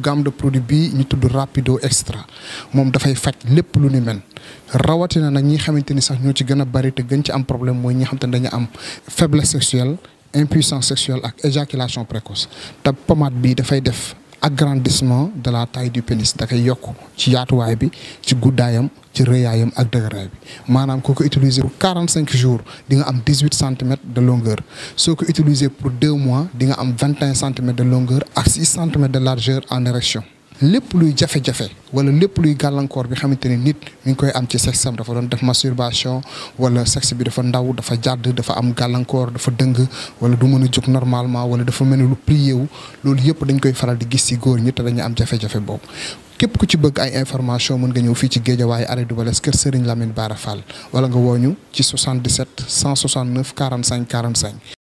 gamme de produit bi ñu tudd rapido extra moom dafay faj lépp lu ni men rawatina nag ñi xamante ni sax ñoo ci gën a bari te gën ci am problème mooy ñi xam te ne dañu am faiblesse sexuelle impuissance sexuelle ak éjaculation précoce te pommade bi dafay def. agrandissement de la taille du pénis da kay yok ci yatuway bi ci goudayam ci reyayam ak des bi manam koko utiliser pour 45 jours di nga 18 cm de longueur soko utiliser pour 2 mois di nga 21 cm de longueur et 6 cm de largeur en érection lépp luy jafe-jafe wala lépp luy gàllankoor bi xamante ne nit mi ngi koy am ci sexe am dafa doon def masturbation wala sexe bi dafa ndaw dafa jàdd dafa am gàllankoor dafa dëng wala du mën a normalement wala dafa mel ni lu plié wu loolu yëpp dañ koy faral di gis ci góor ñi te dañu am jafe-jafe boobu. képp ku ci bëgg ay information mën nga ñëw fii ci Guédiawaye arrêt du Balès kër Serigne Lamine Bara Fall wala nga wooñu ci 77 169 45 45.